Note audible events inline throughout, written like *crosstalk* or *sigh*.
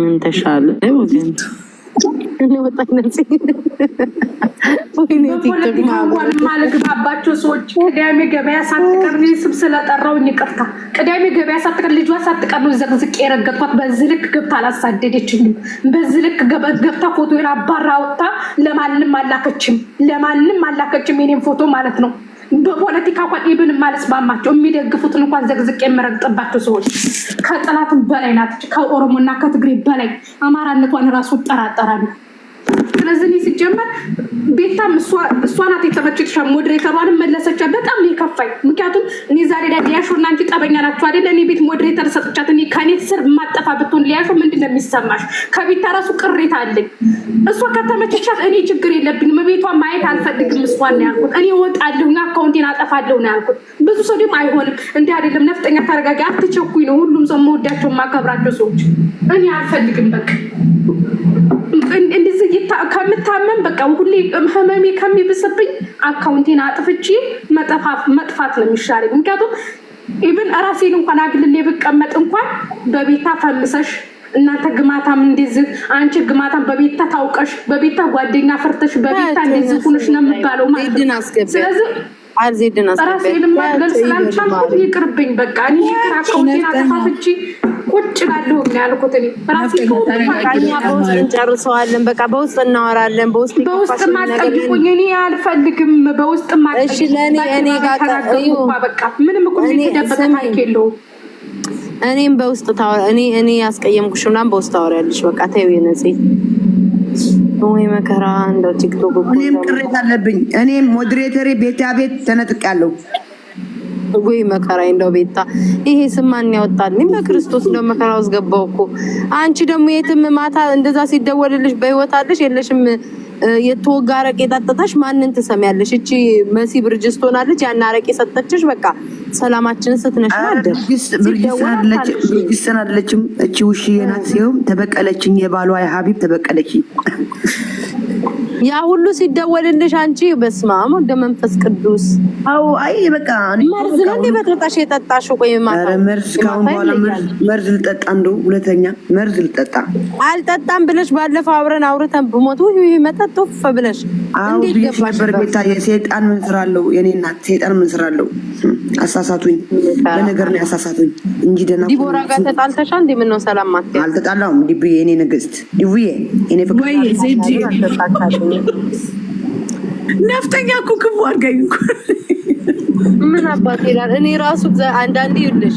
ምን ተሻለ? ማለግባባቸው ሰዎች ቅዳሜ ገበያ ሳትቀር ስም ስለጠራውኝ ይቅርታ። ቅዳሜ ገበያ ሳትቀር ልጇ ሳትቀር ነው ዘቅዝቅ የረገጥኳት። በዚህ ልክ ገብታ በዚህ ልክ ገብታ አባራ ለማንም አላከችም። ለማንም አላከችም። የኔም ፎቶ ማለት ነው። በፖለቲካ እንኳን ኢብን ባማቸው የሚደግፉትን እንኳን ዘግዝቅ የምረግጥባቸው ሰዎች ከጠላትም በላይ ናት። ከኦሮሞና ከትግሬ በላይ አማራነቷን ራሱ ይጠራጠራሉ። ስለዚህ እኔ ሲጀመር ቤታም እሷ ናት የተመቸችሻ ሞዴሬተሯንም መለሰቻት። በጣም ነው የከፋኝ። ምክንያቱም እኔ ዛሬ ላይ ሊያሾ እና አንቺ ጠበኛ ናችሁ አይደል? እኔ ቤት ሞዴሬተር ሰጥቻት እኔ ከኔት ስር ማጠፋ ብትሆን ሊያሾ ምንድን ነው የሚሰማሽ? ከቤታ ራሱ ቅሬታ አለኝ። እሷ ከተመቸቻት እኔ ችግር የለብኝም። ቤቷ ማየት አልፈልግም። እሷን ነው ያልኩት። እኔ እወጣለሁ፣ አካውንቴን አጠፋለሁ ነው ያልኩት። ብዙ ሰው ደግሞ አይሆንም እንዲህ አይደለም፣ ነፍጠኛ ተረጋጋ፣ አትቸኩኝ ነው ሁሉም ሰው መወዳቸው የማከብራቸው ሰዎች እኔ አልፈልግም በቃ ከምታመም በቃ ሁሌ ህመሜ ከሚብስብኝ አካውንቴን አጥፍቼ መጥፋት ነው የሚሻለኝ። ምክንያቱም ኢብን ራሴን እንኳን አግልሌ ብቀመጥ እንኳን በቤታ ፈምሰሽ እናንተ ግማታም እንደዚህ አንቺ ግማታም በቤታ ታውቀሽ በቤታ ጓደኛ ፍርተሽ በቤታ እንደዚህ ሁንሽ ነው የምባለው ማለት ነው። ስለዚህ አርዜድን ስላልቻልኩት ይቅርብኝ። በቃ እኔ ቁጭ ላለሁ ያልኩት በውስጥ እንጨርሰዋለን። በቃ በውስጥ እናወራለን። በውስጥ በውስጥ እኔ አልፈልግም። በውስጥ ምንም እኮ ታሪክ የለውም። እኔም በውስጥ እኔ እኔ ያስቀየምኩሽ ምናምን በውስጥ ታወሪያለሽ። በቃ ተይው ነፂ መከራ እንደው ቲክቶክ እኔም ቅሬታ አለብኝ። እኔም ሞዴሬተሬ ቤታ ቤት ተነጥቃለሁ። ወይ መከራ እንደው ቤታ ይሄ ስም ማን ያወጣልኝ? በክርስቶስ እንደው መከራ ውስጥ ገባሁ እኮ። አንቺ ደግሞ የትም ማታ እንደዛ ሲደወልልሽ በህይወት አለሽ የለሽም የተወጋ አረቄ ጠጥተሽ ማንን ትሰሚያለሽ? እቺ መሲ ብርጅስ ትሆናለች። ያን አረቄ ሰጠችሽ፣ በቃ ሰላማችን ስትነሽ ብርጅስ አለችም። እቺ ውሽዬ ናት። ሲሆን ተበቀለችኝ፣ የባሏ የሀቢብ ተበቀለችኝ። ያ ሁሉ ሲደወልልሽ አንቺ በስመ አብ ወደ መንፈስ ቅዱስ። አዎ አይ በቃ መርዝ ነው እንዴ በጥጣሽ የጠጣሽ? ቆይ ማታ መርዝ ካሁን በኋላ መርዝ ልጠጣ እንደው ሁለተኛ መርዝ ልጠጣ አልጠጣም ብለሽ ባለፈው አብረን አውርተን ብሞት ይሄ መጣ ቶፍ ብለሽ እንዴት ነበር የሚታየ ሴጣን ምን ስራለው? የኔ እናት ሴጣን ምን ስራለው? አሳሳቱኝ፣ በነገር ነው ያሳሳቱኝ እንጂ ደና ዲቦራ ጋር ተጣልተሻ እንዲ ምን ነው ሰላም ማት አልተጣላውም። ዲቡ የኔ ንግስት፣ ዲቡዬ እኔ ፍቅር ነፍጠኛ እኮ ክፉ አድርገኝ እኮ ምን አባት ይላል። እኔ ራሱ አንዳንዴ ይልሽ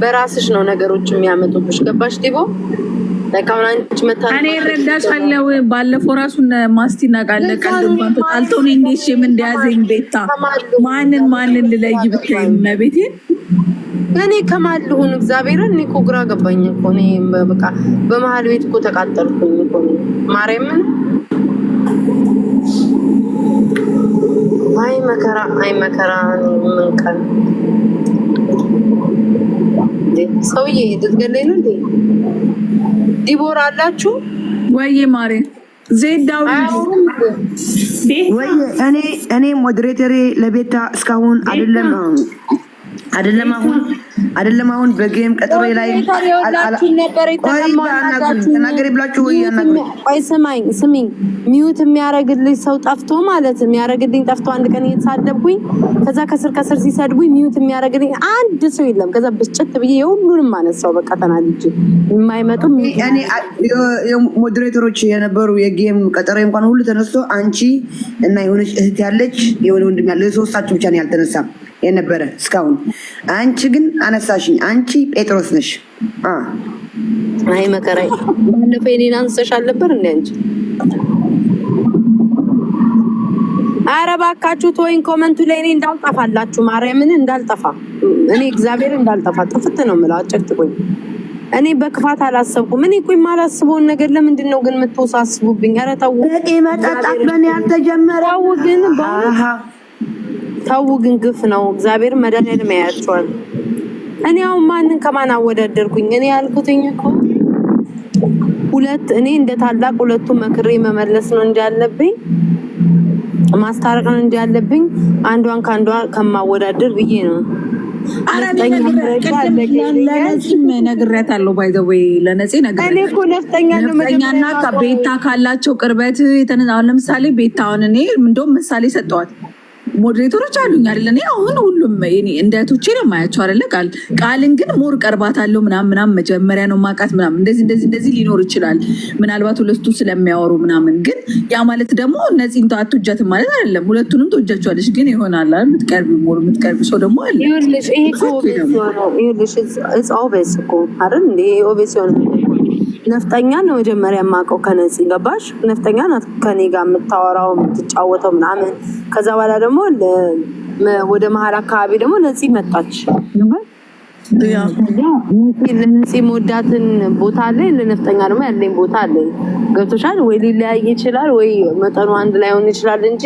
በራስሽ ነው ነገሮች የሚያመጡብሽ። ገባሽ ዲቦ እኔ እረዳሻለሁ። ባለፈው ራሱ ማስቲ እናውቃለን። ቀልድባን ተጣልተው እኔ እንዴት ሽም እንደያዘኝ ቤታ ማንን ማንን ልለይ ብታይም ነ ቤቴን እኔ ከማን ልሁን? እግዚአብሔርን እኔ እኮ ግራ ገባኝ እኮ እኔ በቃ በመሀል ቤት እኮ ተቃጠልኩኝ እኮ ማርያምን። አይ መከራ፣ አይ መከራ፣ ምንቀን ሰውዬ ልትገለኝ ነው እንዴ? ዲቦራ አላችሁ ወይ? ማሬ ዜዳው እኔ እኔ ሞዴሬተሬ ለቤታ እስካሁን አይደለም አይደለም አሁን አይደለም። አሁን በጌም ቀጠሮ ላይ ተናገሪ ብላችሁ ወይ ስማኝ ስሚኝ፣ ሚዩት የሚያረግልኝ ሰው ጠፍቶ ማለት የሚያረግልኝ ጠፍቶ አንድ ቀን እየተሳደብኩኝ ከዛ ከስር ከስር ሲሰድቡኝ ሚዩት የሚያረግልኝ አንድ ሰው የለም። ከዛ ብስጭት ብዬ የሁሉንም አነሳው። በቃ ተናድጄ የማይመጡ ሞዴሬተሮች የነበሩ የጌም ቀጠሮ እንኳን ሁሉ ተነስቶ አንቺ እና የሆነች እህት ያለች የሆነ ወንድም ያለ ሶስታችሁ ብቻ ነው ያልተነሳም የነበረ እስካሁን አንቺ ግን አነሳሽኝ። አንቺ ጴጥሮስ ነሽ። አይ መከራ ባለፈው የኔን አንሰሽ አልነበር እንዴ አንቺ? አረ ባካችሁ ተወኝ። ኮመንቱ ላይ እኔ እንዳልጠፋላችሁ ማርያምን እንዳልጠፋ እኔ እግዚአብሔር እንዳልጠፋ ጥፍት ነው የምለው። አጨቅጭቁኝ። እኔ በክፋት አላሰብኩም። እኔ እኮ የማላስበውን ነገር ለምንድን ነው ግን የምትወሳስቡብኝ? ኧረ ተው ግን ተው ግን ግፍ ነው እግዚአብሔር መድኃኒዓለም ያያቸዋል። እኔ አሁን ማንን ከማን አወዳደርኩኝ? እኔ ያልኩትኝ እኮ ሁለት እኔ እንደ ታላቅ ሁለቱ መክሬ መመለስ ነው እንጂ እንዳለብኝ ማስታረቅ ነው እንዳለብኝ አንዷን ከአንዷ ከማወዳደር ብዬ ነው። ለነፂም ነግሬያታለሁ። ባይ ዘ ወይ ለነፂ ነግሬያታለሁ። ቤታ ካላቸው ቅርበት ለምሳሌ ቤታውን እኔ እንደውም ምሳሌ ሰጠዋት ሞዴሬተሮች አሉኝ አይደለ? እኔ አሁን ሁሉም እንደ ቶቼ ነው የማያቸው አይደለ? ቃል ቃልን ግን ሞር ቀርባታለሁ አለው ምናምን ምናምን መጀመሪያ ነው ማውቃት ምናምን እንደዚህ እንደዚህ እንደዚህ ሊኖር ይችላል ምናልባት ሁለቱ ስለሚያወሩ ምናምን። ግን ያ ማለት ደግሞ እነዚህ እንትን አትወጃትም ማለት አይደለም። ሁለቱንም ትወጃቸዋለች፣ ግን ይሆናል የምትቀርቢ ሞር የምትቀርቢ ሰው ደግሞ አለ። ይኸውልሽ ይሄ ኦቤስ ነው። ኦቤስ እኮ አይደል? ይሄ ኦቤስ የሆነ ነፍጠኛ ነው መጀመሪያ የማውቀው ከነጽ ገባሽ። ነፍጠኛ ናት ከኔ ጋር የምታወራው የምትጫወተው ምናምን። ከዛ በኋላ ደግሞ ወደ መሀል አካባቢ ደግሞ ነጽ መጣች። ለነጽ መወዳትን ቦታ አለ፣ ለነፍጠኛ ደግሞ ያለኝ ቦታ አለ። ገብቶሻል ወይ? ሊለያይ ይችላል ወይ መጠኑ አንድ ላይ ሆን ይችላል እንጂ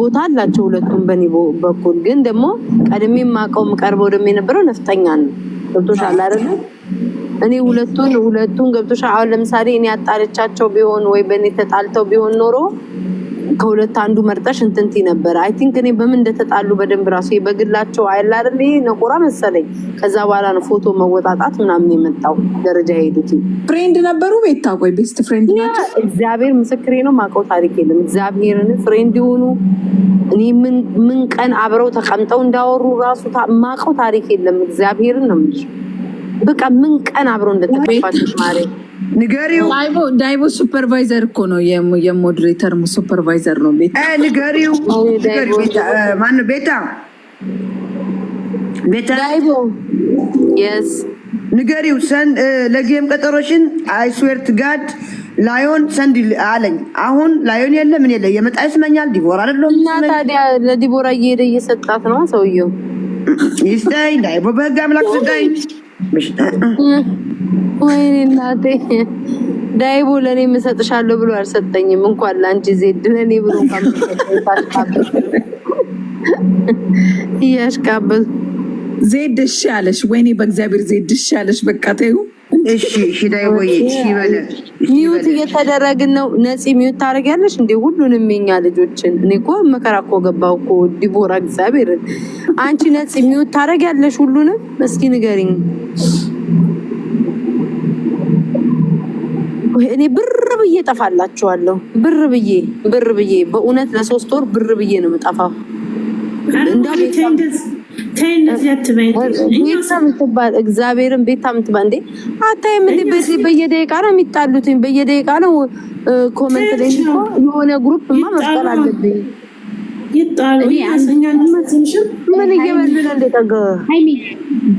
ቦታ አላቸው ሁለቱም። በኔ በኩል ግን ደግሞ ቀድሜ የማውቀው የምቀርበው ደግሞ የነበረው ነፍጠኛ ነው። ገብቶሻል አይደለም? እኔ ሁለቱን ሁለቱን ገብቶሻል። አሁን ለምሳሌ እኔ አጣልቻቸው ቢሆን ወይ በእኔ ተጣልተው ቢሆን ኖሮ ከሁለት አንዱ መርጠሽ እንትንቲ ነበረ። አይ ቲንክ እኔ በምን እንደተጣሉ በደንብ ራሱ በግላቸው አይላርል ነቆራ መሰለኝ። ከዛ በኋላ ነው ፎቶ መወጣጣት ምናምን የመጣው ደረጃ የሄዱት ፍሬንድ ነበሩ። ቤታ ቆይ ቤስት ፍሬንድ ናቸው። እግዚአብሔር ምስክሬ ነው። ማውቀው ታሪክ የለም። እግዚአብሔርን ፍሬንድ የሆኑ እኔ ምን ቀን አብረው ተቀምጠው እንዳወሩ ራሱ ማውቀው ታሪክ የለም። እግዚአብሔርን ነው የምልሽ በቃ ምን ቀን አብሮ እንደተከፋቶች ማሬ ንገሪው። ዳይቦ ሱፐርቫይዘር እኮ ነው የሞድሬተር ሱፐርቫይዘር ነው። ቤታ ንገሪው። ማነው ቤታ ቤታ ዳይቦ ንገሪው። ለጌም ቀጠሮሽን አይስዌርት ጋድ ላዮን ሰንድ አለኝ። አሁን ላዮን የለ ምን የለ የመጣ ይስመኛል። ዲቦራ አይደለም እና ታዲያ ለዲቦራ እየሄደ እየሰጣት ነው ሰውየው። ይስጠኝ ዳይቦ በህግ አምላክ ስጠኝ። ወይኔ እናቴ ዳይቦ ለእኔ የምሰጥሻለሁ ብሎ አልሰጠኝም። እንኳን ለአንቺ ዜድ ለእኔ ብሎ እያሽቃበት ዜድ እሺ አለሽ። ወይኔ በእግዚአብሔር ዜድ እሺ አለሽ። በቃ ተይው እሺ። እሺ ዳይቦዬ ሚዩት እየተደረግን ነው። ነፂ ሚዩት ታደርጊያለሽ እንዴ? ሁሉንም የኛ ልጆችን እኔ እኮ መከራ እኮ ገባሁ እኮ ዲቦራ፣ እግዚአብሔርን አንቺ ነፂ ሚዩት ታደርጊያለሽ ሁሉንም? እስኪ ንገሪኝ እኔ ብር ብዬ ጠፋላችኋለሁ። ብር ብዬ ብር ብዬ በእውነት ለሶስት ወር ብር ብዬ ነው የምጠፋው። እግዚአብሔርን ቤታ ምትባ እንዴ አታይም? በዚህ በየደቂቃ ነው የሚጣሉትኝ፣ በየደቂቃ ነው ኮመንት ላይ የሆነ ግሩፕ ማ መፍጠር አለብኝ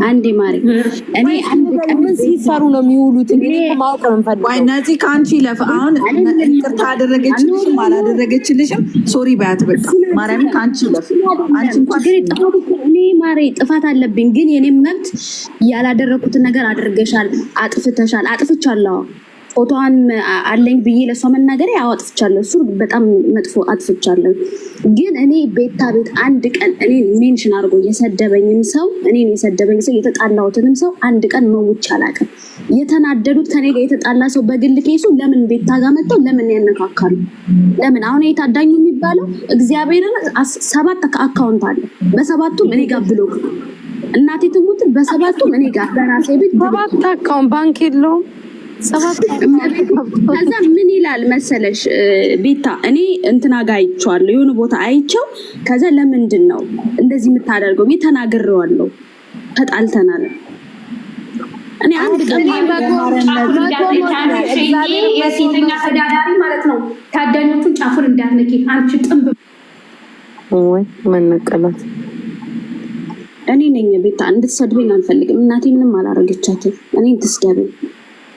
አንዴ ማሪ እኔ አንድ ቀን ሲሰሩ ነው የሚውሉት? እንግዲህ ማወቅ ነው ከአንቺ ለፍ አሁን አደረገችልሽም አላደረገችልሽም ሶሪ በቃ ማርያም ከአንቺ ለፍ እኔ ማሬ ጥፋት አለብኝ፣ ግን የኔም መብት ያላደረግኩትን ነገር አድርገሻል፣ አጥፍተሻል፣ አጥፍቻለሁ ፎቶዋን አለኝ ብዬ ለሷ መናገር ያው አጥፍቻለሁ። እሱ በጣም መጥፎ አጥፍቻለሁ። ግን እኔ ቤታ ቤት አንድ ቀን እኔ ሜንሽን አድርጎ የሰደበኝም ሰው እኔ የሰደበኝ ሰው የተጣላሁትንም ሰው አንድ ቀን መውች አላውቅም። የተናደዱት ከኔ ጋር የተጣላ ሰው በግል ኬሱ ለምን ቤታ ጋር መጥተው ለምን ያነካካሉ? ለምን አሁን የታዳኙ የሚባለው እግዚአብሔር ሰባት አካውንት አለ። በሰባቱም እኔ ጋር ብሎክ እናቴ ትሙትን በሰባቱም እኔ ጋር በራሴ ቤት ሰባት አካውንት ባንክ የለውም ከዛ ምን ይላል መሰለሽ ቤታ፣ እኔ እንትና ጋ አይቼዋለሁ፣ የሆነ ቦታ አይቼው፣ ከዛ ለምንድን ነው እንደዚህ የምታደርገው? ቤት ተናግሬዋለሁ፣ ተጣልተናል። እኔ አንድ ቀን የሴተኛ ተዳዳሪ ማለት ነው። ታዳኞቹን ጫፉን አንቺ ጥንብ ወይ መነቀላት እኔ ነኝ ቤታ። እንድትሰድበኝ አልፈልግም። እናቴ ምንም አላረገቻትም። እኔ ትስደብኝ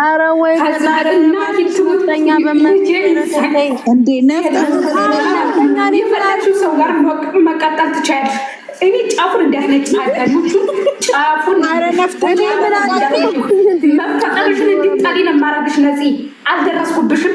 ኧረ ወይ ሰው ጋር መቀጠል ትችያለሽ። እኔ ጫፉን እንዳትነጭ አዳኞቹ ጫፉን መፈጠርሽን እንዲጣሊ ነው የማደርግሽ። ነፂ አልደረስኩብሽም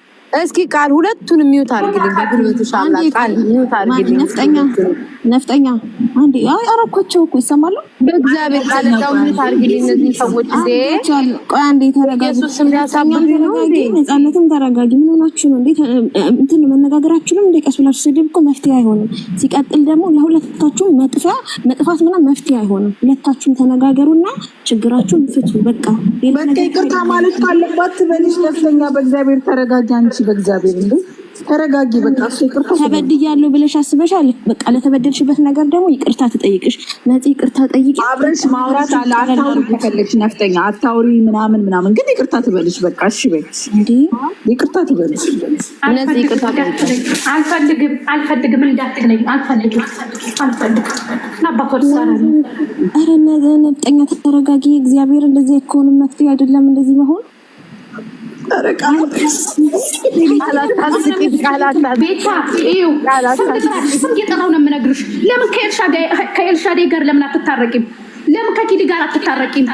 እስኪ ቃል ሁለቱን ሚዩት አድርግልኝ። በጉልበትሽ አምላክ ቃል ሚውት አድርግልኝ። ነፍጠኛ ነፍጠኛ አንዴ አይ አረኳቸው እኮ ይሰማሉ። በእግዚአብሔር ቃል እንዳው ሚውት አድርግልኝ። እነዚህ ሰዎች እንዴ ቆይ አንዴ ተረጋጊ። ኢየሱስ ነው ነጻነትም ተረጋጊ። ምን ሆናችሁ ነው እንዴ? እንትን መነጋገራችሁንም እንደ ቀስ ብላችሁ ስድብ እኮ መፍትሄ አይሆንም። ሲቀጥል ደግሞ ለሁለታችሁም መጥፊያ መጥፋት ምናምን መፍትሄ አይሆንም። ሁለታችሁም ተነጋገሩና ችግራችሁን ፍቱ። በቃ በቃ ይቅርታ ማለት ካለባት ትበልሽ። ነፍጠኛ በእግዚአብሔር ተረጋጊ አንቺ በእግዚአብሔር እንደ ተረጋጊ። በቃ ተበድያለሁ ብለሽ አስበሻል። በቃ ለተበደልሽበት ነገር ደግሞ ይቅርታ ትጠይቅሽ ነፂ፣ ይቅርታ ጠይቅ። አብረሽ ማውራት አለ። አታውሪ ከፈለግሽ ነፍጠኛ አታውሪ ምናምን ምናምን፣ ግን ይቅርታ ትበልሽ። በቃ እሺ በልሽ፣ ይቅርታ ትበልሽ። ነፂ ይቅርታ አልፈልግም፣ አልፈልግም እንዳትለኝ፣ አልፈልግም፣ አልፈልግም። ኧረ ነፍጠኛ ተረጋጊ። እግዚአብሔር እንደዚህ ከሆኑ መፍትሄ አይደለም እንደዚህ መሆን የጠራው ነው የምነግርሽ። ለምን ከኤልሻዳይ ጋር ለምን አትታረቂም? ለምን ከኪድ ጋር አትታረቂም?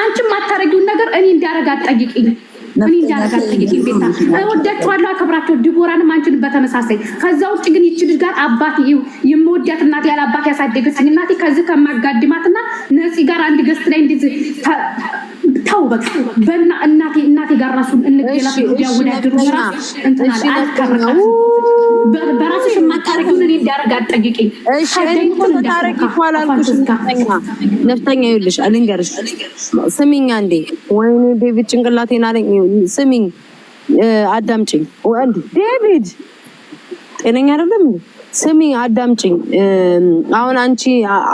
አንቺም አታረጊውን ነገር እኔ እንዲያረግ አትጠይቂኝ። እኔ እንዲያረግ አትጠይቂኝ። ቤታ እወዳቸዋለሁ፣ አከብራቸው። ድቦራንም አንቺን በተመሳሳይ። ከዛ ውጭ ግን ይች ልጅ ጋር አባት የምወዳት እናቴ ያለ አባት ያሳደገችኝ እናቴ ከዚህ ከማጋድማትና ነፂ ጋር አንድ ገስት ላይ እንደዚህ ተው በቃ በና እናቴ እናቴ ጋር ራሱን እንገላፍ ያወዳድሩ ራስ እንትናል አልከረካም። በራስሽ የማታረጊውን እኔ እንዳረግ አትጠይቂኝ። እሺ እንትን ታረጊ እንኳን አልኩሽ። ነፍጠኛ ይኸውልሽ፣ አልንገርሽ ስሚኝ አንዴ። ወይኔ ዴቪድ ጭንቅላቴን አለኝ። ስሚኝ፣ አዳምጪኝ። ዴቪድ ጤነኛ አይደለም እንዴ? ስሚ አዳምጭኝ። አሁን አንቺ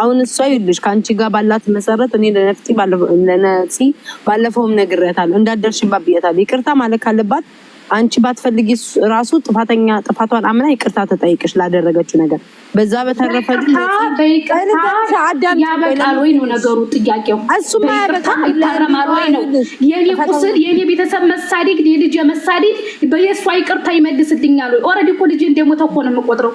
አሁን እሷ ይልሽ ከአንቺ ጋር ባላት መሰረት እኔ ለነፍጢ ለነፂ ባለፈውም ነግሬያታለሁ፣ እንዳደርሽባት ብያታለሁ። ይቅርታ ማለት ካለባት አንቺ ባትፈልጊ ራሱ ጥፋተኛ ጥፋቷን አምና ይቅርታ ተጠይቅሽ ላደረገችው ነገር። በዛ በተረፈ ያበቃል ወይ ነው ነገሩ ጥያቄው። እሱማ ያበቃል ወይ ነው የኔ ቁስል፣ የኔ ቤተሰብ መሳዴግ የልጅ መሳዴግ በየእሷ ይቅርታ ይመልስልኛል ወይ? ኦልሬዲ እኮ ልጅ እንደሞተ እኮ ነው የምቆጥረው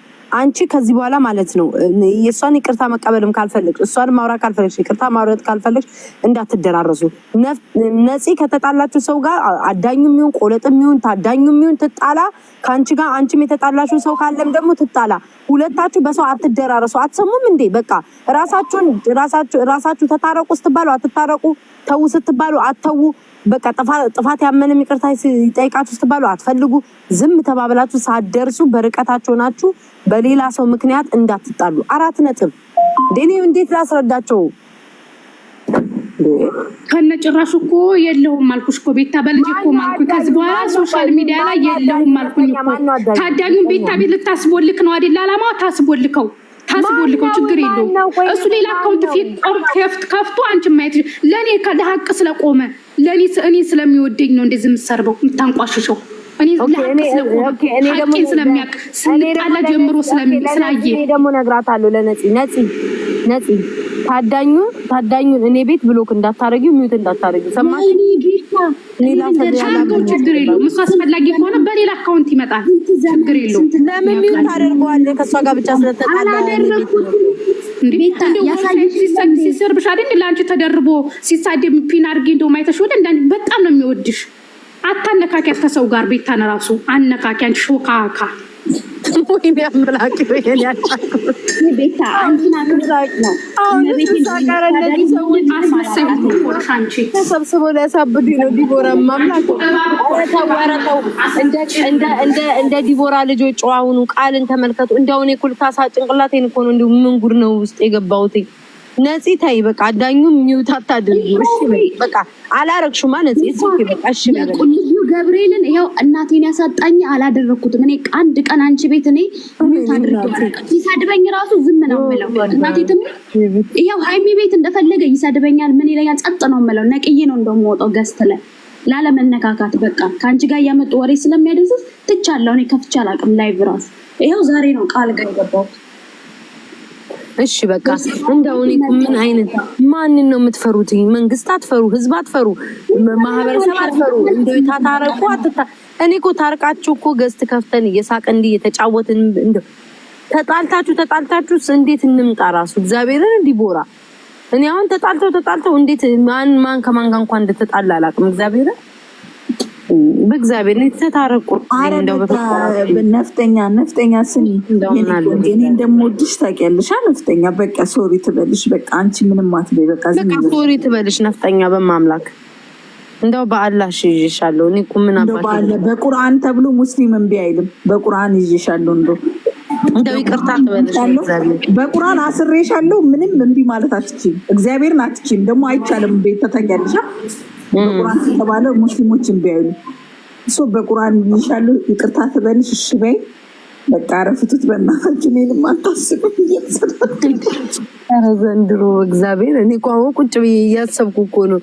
አንቺ ከዚህ በኋላ ማለት ነው የእሷን ይቅርታ መቀበልም ካልፈልግ እሷን ማውራት ካልፈለግሽ፣ ይቅርታ ማውራት ካልፈለግሽ እንዳትደራረሱ። ነፂ ከተጣላችሁ ሰው ጋር አዳኙ የሚሆን ቆለጥ የሚሆን ታዳኙ የሚሆን ትጣላ ከአንቺ ጋር አንቺም የተጣላችሁ ሰው ካለም ደግሞ ትጣላ። ሁለታችሁ በሰው አትደራረሱ። አትሰሙም እንዴ? በቃ ራሳችሁን ራሳችሁ ተታረቁ ስትባሉ አትታረቁ፣ ተዉ ስትባሉ አትተዉ። በቃ ጥፋት ያመነ ይቅርታ ይጠይቃችሁ ስትባሉ አትፈልጉ። ዝም ተባብላችሁ ሳትደርሱ በርቀታቸው ናችሁ። በሌላ ሰው ምክንያት እንዳትጣሉ። አራት ነጥብ። እኔ እንዴት ላስረዳቸው? ከነ ከነጭራሹ እኮ የለሁም አልኩሽ እኮ ቤታ፣ በልጅ እኮ ማልኩ። ከዚህ በኋላ ሶሻል ሚዲያ ላይ የለሁም አልኩኝ እኮ ታዳጊውን ቤታ ቤት ልታስቦልክ ነው አይደል? አላማ ታስቦልከው ታስቦልከው ችግር የለውም። እሱ ሌላ አካውንት ፊት ከፍቶ አንቺ ማየት ለእኔ ለሀቅ ስለቆመ ለእኔ እኔ ስለሚወደኝ ነው እንደዚህ የምትሰርበው የምታንቋሽሸው ሀቄን ስለሚያውቅ ስንጣላ ጀምሮ ስላየ ደግሞ እነግራታለሁ ለነፂ ነፂ ነፂ ታዳኙ ታዳኙን እኔ ቤት ብሎክ እንዳታረጊው ሚዩት እንዳታረጊው ሰማ ችግር የለውም እሱ አስፈላጊ ከሆነ በሌላ አካውንት ይመጣል። ችግር የለውም። ለምን ለአንቺ ተደርቦ ሲሳደብ ፒን አድርጌ እንደው ማይተሽ ወደ በጣም ነው የሚወድሽ። አታነካኪ ከሰው ጋር ቤታን ራሱ አነካኪያን ሾካካ ወይኔ አምላክ ይሄን ያጫኩት ነው። ዲቦራ እንደ ዲቦራ ልጆች ጨዋውኑ ቃልን ተመልከቱ። እንደው እኔ ጭንቅላቴን እኮ ነው እንዲሁ ምን ጉድ ነው ውስጥ የገባሁት። ነፂ በቃ፣ ዳኙ ሚውት እሺ በቃ አላረግሹማ ነፂ። እሺ በቃ እሺ በቃ ገብርኤልን ይኸው እናቴን ያሳጣኝ አላደረግኩትም። እኔ አንድ ቀን አንቺ ቤት እኔ ይሰድበኝ ራሱ ዝም ነው ምለው። እናቴ ትም ይኸው ሀይሚ ቤት እንደፈለገ ይሰድበኛል፣ ምን ይለኛል፣ ጸጥ ነው ምለው። ነቅዬ ነው እንደምወጣው ገዝት ላይ ላለመነካካት በቃ ከአንቺ ጋር እያመጡ ወሬ ስለሚያደርሱት ትቻለሁ። እኔ ከፍቻ አላውቅም ላይቭ ራሱ ይኸው ዛሬ ነው ቃል ገባሁት። እሺ በቃ እንደው እኔ ምን አይነት ማንን ነው የምትፈሩት? መንግስት አትፈሩ፣ ህዝብ አትፈሩ፣ ማህበረሰብ አትፈሩ። እንደው ታታረቁ አትታ እኔ እኮ ታርቃችሁ እኮ ገዝት ከፍተን እየሳቀ እንዲህ እየተጫወትን እንደው ተጣልታችሁ ተጣልታችሁ እንዴት እንምጣ ራሱ እግዚአብሔርን እንዲቦራ እኔ አሁን ተጣልተው ተጣልተው እንዴት ማን ማን ከማን ጋር እንኳን እንደተጣላ አላውቅም እግዚአብሔርን በእግዚአብሔር ተታረቁ። ነፍጠኛ ነፍጠኛ ስኒ እኔ እንደምወድሽ ታውቂያለሽ። ነፍጠኛ በቃ ሶሪ ትበልሽ። በቃ አንቺ ምንም አትበይ። በቃ ሶሪ ትበልሽ ነፍጠኛ። በማምላክ እንደው በአላህ ይዤሻለሁ። እኔ እኮ ምን አባለ በቁርአን ተብሎ ሙስሊም እምቢ አይልም። በቁርአን ይዤሻለሁ እንደው እንደው ይቅርታ ትበልሽ። በቁርአን አስሬሻለሁ። ምንም እምቢ ማለት አትችይም። እግዚአብሔርን አትችይም ደግሞ አይቻልም። ቤት ተተኛልሻ በቁርአን ከተባለ ሙስሊሞች እምቢ እሱ በቁርአን ይሻሉ ይቅርታ ትበልሽ እሺ በይ በቃ ረፍቱት በእናታችሁ እኔንም አታስቡ። ዘንድሮ እግዚአብሔር እኔ ቋሞ ቁጭ ብዬ እያሰብኩ እኮ ነው።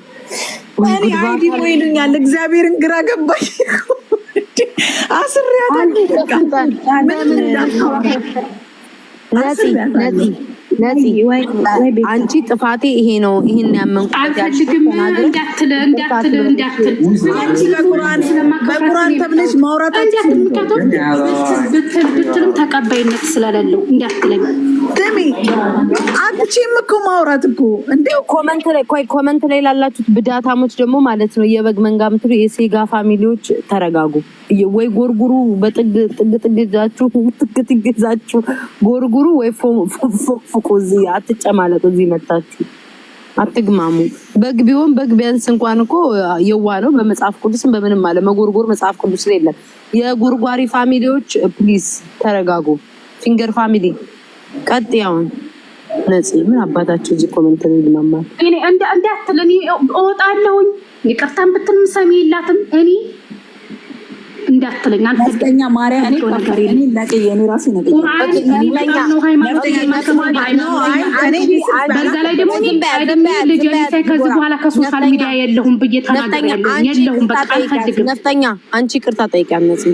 አይዲ ነው ይሉኛል። እግዚአብሔርን ግራ ገባሽ። አስሬ ያታ አንቺ ጥፋቴ ይሄ ነው። ይሄን ያመንኩ እንዳትል እንዳትል እንዳትል ተብለሽ ማውራት ብትልም ተቀባይነት ስለሌለው እንዳትለኝ ደሜ አትቼም እኮ ማውራት እኮ ኮመንት ላይ ቆይ፣ ኮመንት ላይ ላላችሁት ብዳታሞች ደግሞ ማለት ነው የበግ መንጋ ምትሉ የሴጋ ፋሚሊዎች ተረጋጉ። ወይ ጎርጉሩ፣ በጥግ ጥግ ጥግ ይዛችሁ ጥግ ጥግ ይዛችሁ ጎርጉሩ፣ ወይ ፎቅፎቁ። እዚህ አትጨማለቁ። እዚህ መታችሁ አትግማሙ። በግ ቢሆን በግ ቢያንስ እንኳን እኮ የዋ ነው። በመጽሐፍ ቅዱስም በምንም አለ መጎርጎር መጽሐፍ ቅዱስ ላይ የለም። ፋሚሊዎች ፕሊዝ ተረጋጉ። ፊንገር ፋሚሊ ያውን ነጽ ምን አባታቸው እዚህ ኮመንት ላይ ልማማል እኔ እንደ እንደ አትል እኔ እወጣለሁኝ። ይቅርታን ብትልም ሰሚ የላትም እኔ እንዳትለኝ ነፍጠኛ ማርያም ላይ አንቺ ቅርታ ጠይቂ ነጽ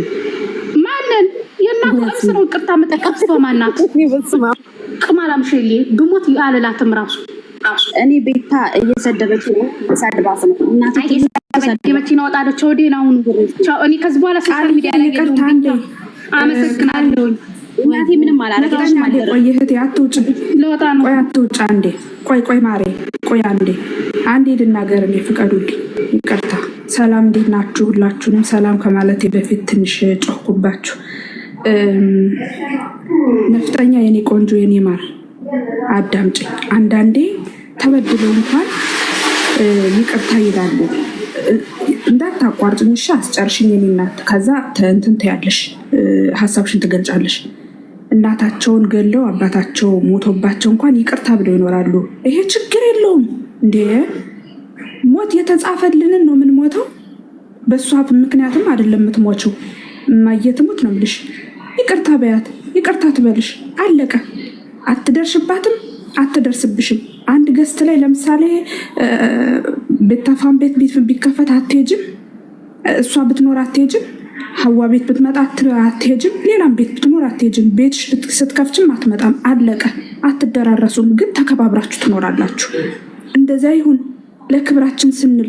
ስሩ ቅርታ መጠቀም በማናት ቅማላም ሼሌ ብሞት አልላትም። ራሱ እኔ ቤታ እየሰደበች ነው ሳድባት ነው እናቴመኪና ወጣለች ወዴን አሁኑ እኔ ከዚህ በኋላ ሶሻል ሚዲያ ላይ አመሰግናለሁኝ። እናቴ ምንም አላለችም። ቆይ እህቴ አትውጭ፣ ለወጣ ነው። ቆይ አትውጭ፣ አንዴ ቆይ ቆይ ማሬ ቆይ አንዴ አንዴ ልናገር። እኔ ፍቀዱልኝ፣ ይቅርታ። ሰላም፣ እንዴት ናችሁ? ሁላችሁንም ሰላም ከማለቴ በፊት ትንሽ ጮኩባችሁ። ነፍጠኛ የኔ ቆንጆ የኔ ማር አዳምጭኝ። አንዳንዴ ተበድለው እንኳን ይቅርታ ይላሉ። እንዳታቋርጭኝ እሺ፣ አስጨርሽኝ የኔ እናት። ከዛ እንትን ትያለሽ፣ ሀሳብሽን ትገልጫለሽ። እናታቸውን ገለው አባታቸው ሞቶባቸው እንኳን ይቅርታ ብለው ይኖራሉ። ይሄ ችግር የለውም እንዴ ሞት የተጻፈልንን ነው የምንሞተው። በእሷ ምክንያትም አይደለም የምትሞችው። ማየትሙት ነው የምልሽ ይቅርታ በያት፣ ይቅርታ ትበልሽ፣ አለቀ። አትደርሽባትም፣ አትደርስብሽም። አንድ ገስት ላይ ለምሳሌ ቤታፋን ቤት ቤት ቢከፈት አትሄጅም፣ እሷ ብትኖር አትሄጅም፣ ሀዋ ቤት ብትመጣ አትሄጅም፣ ሌላም ቤት ብትኖር አትሄጅም። ቤትሽ ስትከፍችም አትመጣም፣ አለቀ። አትደራረሱም፣ ግን ተከባብራችሁ ትኖራላችሁ። እንደዚያ ይሁን ለክብራችን ስንል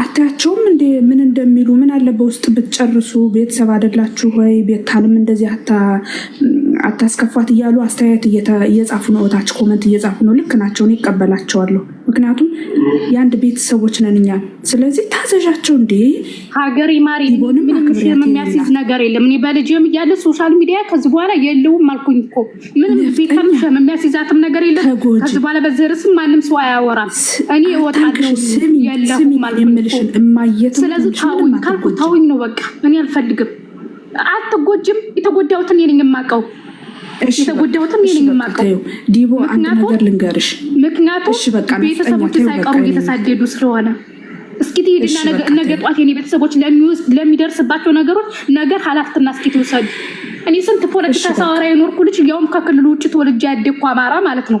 አታያቸውም እንዴ? ምን እንደሚሉ ምን አለ በውስጥ ብትጨርሱ፣ ቤተሰብ አይደላችሁ ወይ? ቤታንም እንደዚህ አታስከፋት እያሉ አስተያየት እየጻፉ ነው፣ እታች ኮመንት እየጻፉ ነው። ልክ ናቸውን፣ ይቀበላቸዋለሁ። ምክንያቱም የአንድ ቤተሰቦች ነን እኛ። ስለዚህ ታዘዣቸው እንዴ ሀገር ማሪ የሚያስይዝ ነገር የለም። እኔ በልጅም እያለ ሶሻል ሚዲያ ከዚህ በኋላ የለውም አልኩኝ እኮ ምንም ቤተሰብ የሚያስይዛትም ነገር የለም። ከዚህ በኋላ በዚህ ርዕስም ማንም ሰው አያወራም። እኔ እወጣለሁ የለሁም አልኩኝ ስለዚህ ተውኝ ካልኩ ተውኝ ነው በቃ። እኔ አልፈልግም። አትጎጅም። የተጎዳሁትን የኔ የማውቀው የተጎዳሁትም ዲቦ አንድ ነገር ልንገርሽ፣ ምክንያቱም ቤተሰቦች ሳይቀሩ እየተሳደዱ ስለሆነ እስኪ ትሄድና ነገ ጠዋት የኔ ቤተሰቦች ለሚደርስባቸው ነገሮች ነገር ኃላፊትና እስኪ ትውሰዱ። እኔ ስንት ፖለቲካ ሳወራ የኖርኩ ልጅ ያውም ከክልሉ ውጭ ተወልጄ ያደግኩ አማራ ማለት ነው።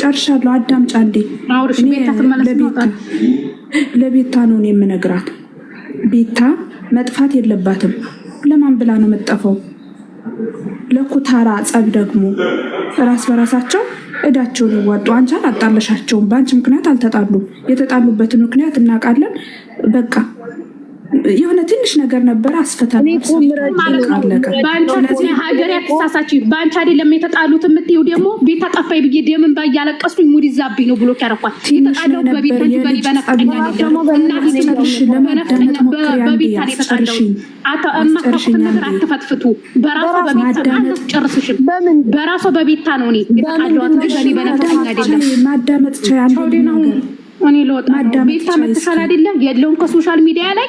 ጨርሻለሁ። አዳምጪ አንዴ። ለቤታ ነው የምነግራት። ቤታ መጥፋት የለባትም። ለማን ብላ ነው የምጠፋው? ለኩታራ ጸብ ደግሞ ራስ በራሳቸው እዳቸውን ይዋጡ። አንቺ አላጣለሻቸውም። በአንቺ ምክንያት አልተጣሉም። የተጣሉበትን ምክንያት እናውቃለን። በቃ የሆነ ትንሽ ነገር ነበረ አስፈታ ሀገር ያተሳሳች በአንቺ አይደለም የተጣሉት የምትይው ደግሞ ቤት አጠፋኝ ብዬ ደምን ባ ሙድ ይዛብኝ ነው ብሎ ያረኳት። በቤት በቤታ አትፈትፍቱ። በራሷ በቤታ ነው እኔ ማዳመጥ ቤታ አይደለም የለውም ከሶሻል ሚዲያ ላይ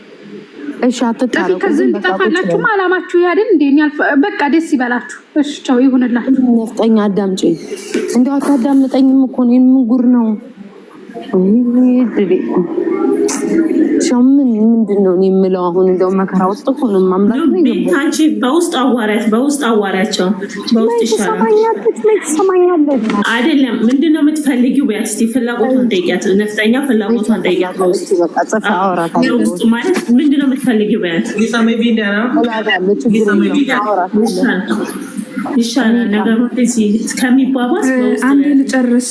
እሺ አትጣሉ። ከዚህ ልጠፋላችሁም አላማችሁ ያድን እንዴ? በቃ ደስ ይበላችሁ። እሺ ቻው፣ ይሁንላችሁ። ነፍጠኛ አዳምጪ። እንደው አታዳምጠኝም እኮ ነው። ምን ጉር ነው? ምን ምንድን ነው የምለው? አሁን እንደው መከራ ውስጥ ሁሉም አምላክ ቤታንቺ በውስጥ አዋሪያት በውስጥ አዋሪያቸው በውስጥ ይሻላል አይደለም። ምንድን ነው የምትፈልጊው? ቢያት እስኪ ፍላጎቷን ጠይቂያት፣ ነፍጠኛ ፍላጎቷን ጠይቂያት። ምንድን ነው የምትፈልጊው? ቢያት ይሻላል ነገሩ ከሚባባስ አንዴ ልጨርስ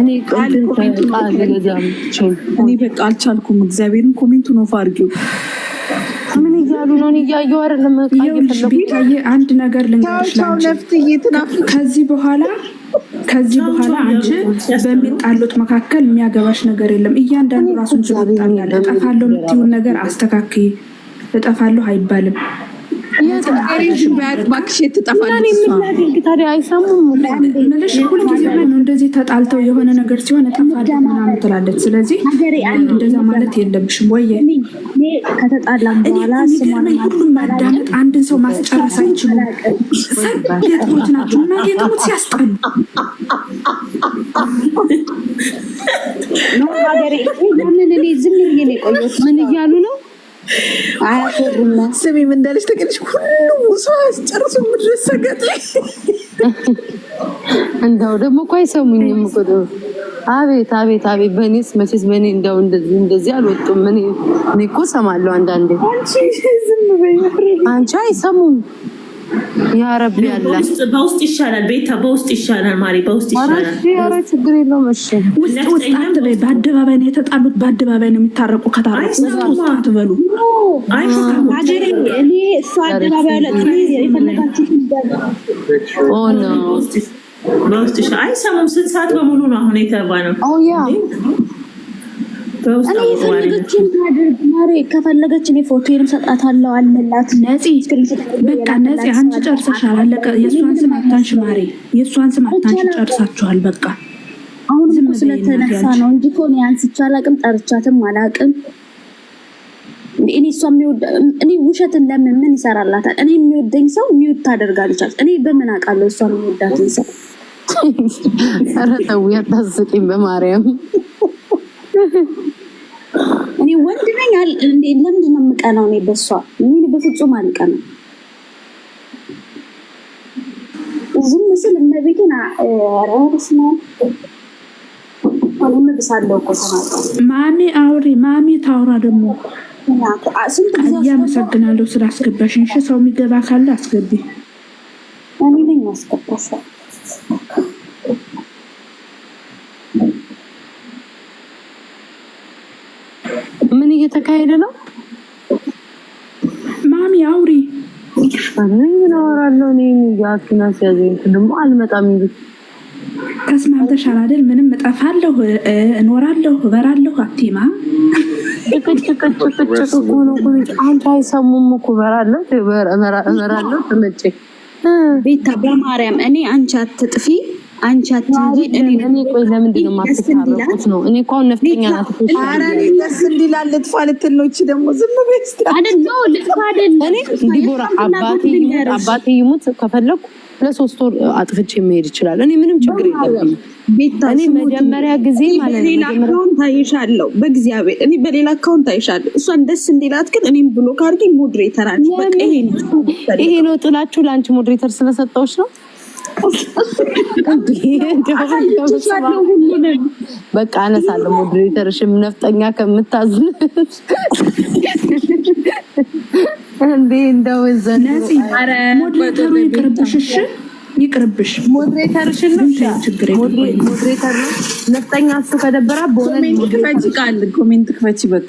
እኔ በቃ አልቻልኩም እግዚአብሔርን ኮሜንቱን ኦፍ አድርጊው ምን እያሉ ነው እያየሁ አይደለም ቤታዬ አንድ ነገር ልንገርሽ ከዚህ በኋላ ከዚህ በኋላ አንቺ በሚጣሉት መካከል የሚያገባሽ ነገር የለም። እያንዳንዱ ራሱን ችሎ ይጣላል። እጠፋለሁ የምትይውን ነገር አስተካክይ። እጠፋለሁ አይባልም። እንደዚህ ተጣልተው የሆነ ነገር ሲሆን እጠፋለሁ ምናምን ትላለች። ስለዚህ እንደዛ ማለት የለብሽም ወይ ከተጣላም በኋላ ሁሉን ማዳመጥ አንድን ሰው ማስጨረስ አይችሉም። ሰድ የጥሞች ናቸው እና ሲያስጠሉ ምን እኔ ዝም ብዬ ነው የቆየሁት። ምን እያሉ ነው? እንዳለች ሁሉም ሰው አስጨርሱ ምድረስ ሰገጥ እንደው ደግሞ እኮ አይሰሙኝም እኮ አቤት አቤት አቤት በኔስ መቼስ በኔ እንደው እንደዚህ እንደዚህ አልወጡም። እኔ እኔ እኮ እሰማለሁ አንዳንዴ። አንቺ አይሰሙም። ያ ረቢ ያላ በውስጥ ይሻላል፣ ቤታ በውስጥ ይሻላል፣ ማሪ በውስጥ ይሻላል። ኧረ ችግር የለውም። እሺ ውስጥ ውስጥ አትበይ። በአደባባይ ነው የተጣሉት፣ በአደባባይ ነው የሚታረቁ። ከታረቁ ውስጥ ውስጥ አትበሉ። እኔ እሱ አደባባይ ኦ የፈለጋችሁ በውስጥሽ አይሰሙም። ስንት ሰዓት በሙሉ ነው አሁን የተባለው? እኔ የፈለገችን ታድርግ ማሬ። ከፈለገች እኔ ፎቶዬንም ሰጣታለሁ። አለላት ነፂ በቃ ነፂ፣ አንቺ ጨርሰሻል፣ አለቀ። የእሷን ስም አታንሽ ማሬ፣ የእሷን ስም አታንሽ። ጨርሳችኋል፣ በቃ አሁን እኮ ስለተነሳ ነው እንጂ እኮ እኔ አንስቼ አላቅም፣ ጠርቻትም አላቅም። እኔ እሷ እኔ ውሸት ለምን ምን ይሰራላታል? እኔ የሚወደኝ ሰው ሚውድ ታደርጋለች። እኔ በምን አውቃለሁ እሷ የሚወዳትን ሰው *laughs* ኧረ ተው አታስቂኝ፣ በማርያም እኔ ወንድ ነኝ። ለምንድን ነው የምቀናው? እኔ በሷ ምን በፍጹም አልቀናም። ዝም ስል እመቤቴን ረርስ ነው ማሚ አውሪ፣ ማሚ ታውራ ደግሞ እያመሰግናለሁ ስላስገባሽ። እንሽ ሰው የሚገባ ካለ አስገቢ። እኔ ነኝ ያስገባሻል ምን እየተካሄደ ነው? ማሚ አውሪ። ምን አወራለሁ እኔ አኪና ሲያዘኝ ደግሞ አልመጣም እንጂ ተስማምተሻል አይደል? ምንም እጠፋለሁ፣ እኖራለሁ፣ እበራለሁ። አክቲማ ጭቅጭቅጭቅጭቅ ሆኖ አንቺ አይሰሙም እኮ እበራለሁ፣ እመራለሁ፣ ተመቼ ቤታ በማርያም እኔ አንቺ አትጥፊ አንቺ አትንጂ። እኔ ቆይ ለምንድን ነው ነው እኔ ነፍጠኛ ዝም አባቴ ከፈለኩ ለሶስት ወር አጥፍቼ መሄድ ይችላል። እኔ ምንም ችግር የለብኝም። እኔ መጀመሪያ ጊዜ በሌላ አካውንት አይሻለሁ። በእግዚአብሔር እኔ በሌላ አካውንት አይሻለሁ። እሷን ደስ እንዲላት ግን እኔም ብሎ ካርዲ ሞድሬተር አለ። ይሄ ነው ጥላችሁ ለአንቺ ሞድሬተር ስለሰጠዎች ነው በቃ አነሳለሁ። ሞዴሬተርሽም ነፍጠኛ ከምታዝ እንዴ እንደው ሞዴሬተሩ ይቅርብሽሽ ይቅርብሽ። ሞዴሬተርሽን ሞዴሬተር ነፍጠኛ እሱ ከደበራ በሆነ ኮሜንት ክፈች በቃ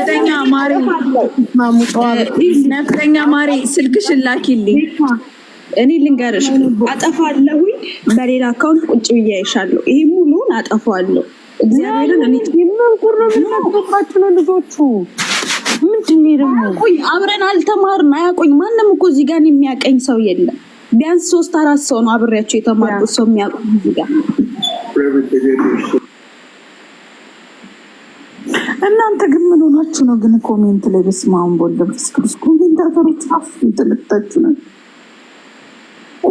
ነፍጠኛ ማሪ ነፍጠኛ ማሪ ስልክሽን ላኪልኝ። እኔ ልንገርሽ አጠፋለሁኝ። በሌላ አካውንት ቁጭ ብዬ አይሻለሁ። ይሄ ሙሉን አጠፋለሁ። እግዚአብሔርን ልጆቹ ምንድን ደግሞ አብረን አልተማርን አያቆኝ ማንም እኮ እዚህ ጋር የሚያቀኝ ሰው የለም። ቢያንስ ሶስት አራት ሰው ነው አብሬያቸው የተማርኩት ሰው የሚያቆኝ እዚህ ጋር እናንተ ግን ምን ሆናችሁ ነው ግን ኮሜንት ላይ በስመ አብ ወወልድ ወመንፈስ ቅዱስ ኮሜንታተሮች አፍ ትልቅታችሁ ነው።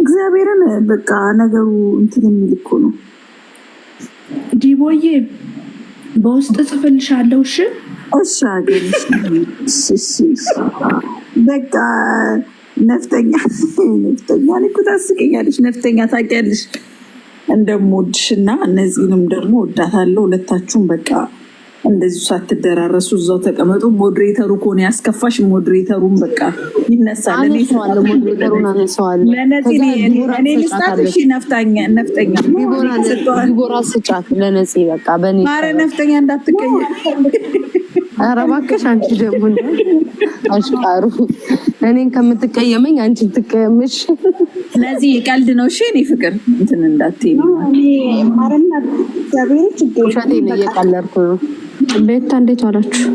እግዚአብሔርን በቃ ነገሩ እንትን የሚል እኮ ነው። ዲቦዬ በውስጥ ጽፍልሻለሁ። እሺ እሺ፣ አገር በቃ ነፍተኛ ነፍተኛ እኮ ታስቀኛለሽ። ነፍተኛ ታውቂያለሽ እንደምወድሽ እና እነዚህንም ደግሞ ወዳታለሁ ሁለታችሁም በቃ እንደዚሁ ሳትደራረሱ እዛው ተቀመጡ። ሞድሬተሩ ከሆነ ያስከፋሽ ሞድሬተሩን በቃ ይነሳል። ለነፂ ነፍጠኛ ዲቦራ እንዳትቀኝ። ኧረ እባክሽ አንቺ ደግሞ አሽቃሩ እኔን ከምትቀየመኝ አንቺ ትቀየምሽ። ስለዚህ ቀልድ ነው። እሺ እኔ ፍቅር እንትን እንዳትይ ማረና እግዚአብሔር ችግር ውሸቴን እየቀለድኩ ነው። ቤታ እንዴት ዋላችሁ?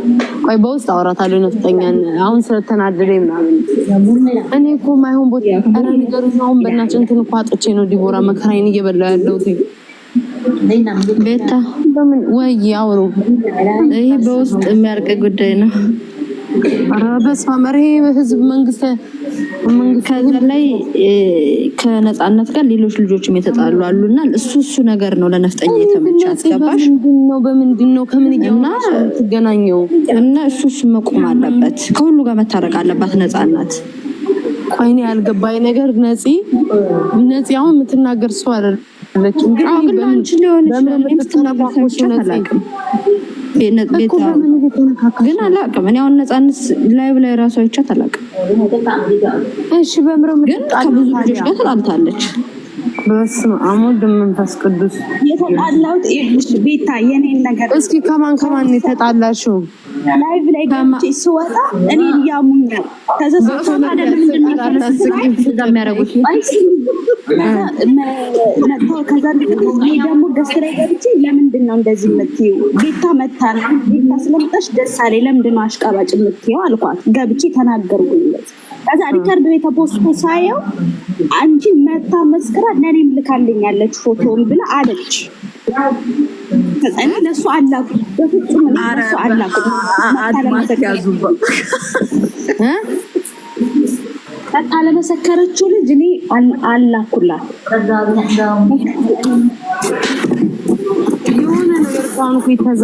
ቆይ በውስጥ አወራታለሁ። ነፍጠኛን አሁን ስለተናደደ ምናምን እኔ እኮ ማይሆን ቦታ ኧረ ነገሩ አሁን በእናትሽ እንትን እኮ አጥቼ ነው ዲቦራ መከራዬን እየበላ ያለሁት። ቤታ ወይ አውሩ። ይህ በውስጥ የሚያርቅ ጉዳይ ነው። ኧረ ላይ ከነፃነት ጋር ሌሎች ልጆችም የተጣሉ አሉ እና እሱ እሱ ነገር ነው ለነፍጠኛ የተመቸ አስገባሽ በምንድን ነው ከምን ትገናኘው እና እሱ እሱ መቆም አለበት። ከሁሉ ጋር መታረቅ አለባት ነፃነት። አይኔ ያልገባኝ ነገር ነፂ ነፂ አሁን የምትናገር ሰው አይደለችም፣ ግን ሊሆን ይችላል ግን አላውቅም። እኔ አሁን ነፃነት ላይ ብላይ ራሷ አይቻት አላውቅም። እሺ፣ ግን ከብዙ ልጆች ጋር ተጣልታለች። በስመ አብ ወወልድ ወመንፈስ ቅዱስ። የተጣላሁት ይኸውልሽ ቤታ የኔን ነገር እስኪ ከማን ከማን የተጣላሽው? ላይቭ ላይ ገብቼ ስወጣ እኔ ያሙኛል። ከዛ ሰው ደግሞ ገስት ላይ ገብቼ ለምንድን ነው እንደዚህ የምትይው? ቤታ መታ ቤታ ስለመጣሽ ደስ አለኝ። ለምንድን ነው አሽቃባጭ የምትይው አልኳት። ገብቼ ተናገርኩለት ከዛ ሪከርድ ቤተ ፖስቶ ሳየው አንቺ መታ መስክራ ለእኔም ልካልኛለች ፎቶን ብላ አለች። እኔ ለእሱ አላኩ፣ በፍጹም ለእሱ አላኩ። አለመሰከረችው ልጅ እኔ አላኩላት። የሆነ ነገር ቋንኩ ተዛ